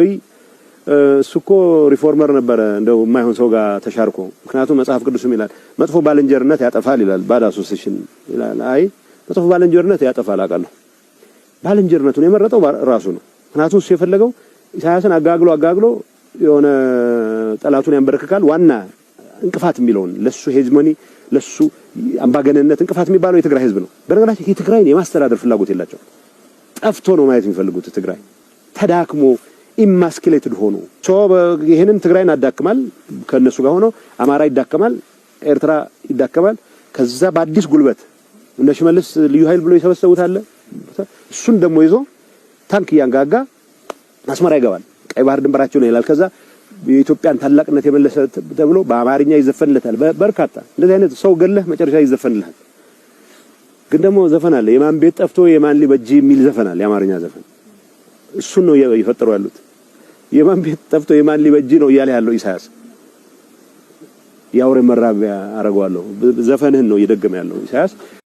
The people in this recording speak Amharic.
ዊ እሱ እኮ ሪፎርመር ነበረ እንደው የማይሆን ሰው ጋር ተሻርኮ። ምክንያቱም መጽሐፍ ቅዱስም ይላል መጥፎ ባልንጀርነት ያጠፋል ይላል፣ ባድ አሶሴሽን ይላል። አይ መጥፎ ባልንጀርነት ያጠፋል አውቃለሁ። ባልንጀርነቱን የመረጠው ራሱ ነው። ምክንያቱም እሱ የፈለገው ኢሳያስን አጋግሎ አጋግሎ የሆነ ጠላቱን ያንበረክካል። ዋና እንቅፋት የሚለውን ለሱ ሄጅሞኒ ለሱ አምባገነንነት እንቅፋት የሚባለው የትግራይ ህዝብ ነው። በነገራችን የትግራይን የማስተዳደር ፍላጎት የላቸው ጠፍቶ ነው ማየት የሚፈልጉት ትግራይ ተዳክሞ ኢማስኪሌትድ ሆኑ ይህንን ትግራይን አዳክማል። ከእነሱ ጋር ሆኖ አማራ ይዳከማል፣ ኤርትራ ይዳከማል። ከዛ በአዲስ ጉልበት እነ ሽመልስ ልዩ ኃይል ብሎ የሰበሰቡት አለ። እሱን ደግሞ ይዞ ታንክ እያንጋጋ አስመራ ይገባል። ቀይ ባህር ድንበራቸው ነው ይላል። ከዛ የኢትዮጵያን ታላቅነት የመለሰ ተብሎ በአማርኛ ይዘፈንለታል። በርካታ እንደዚህ አይነት ሰው ገለህ መጨረሻ ይዘፈንልሃል። ግን ደግሞ ዘፈን አለ። የማን ቤት ጠፍቶ የማን ሊበጅ የሚል ዘፈን አለ፣ የአማርኛ ዘፈን እሱን ነው እየፈጠሩ ያሉት። የማን ቤት ጠፍቶ የማን ሊበጅ ነው እያለ ያለው ኢሳያስ የአውሬ መራቢያ አረገዋለሁ ዘፈንህን ነው እየደገመ ያለው ኢሳያስ።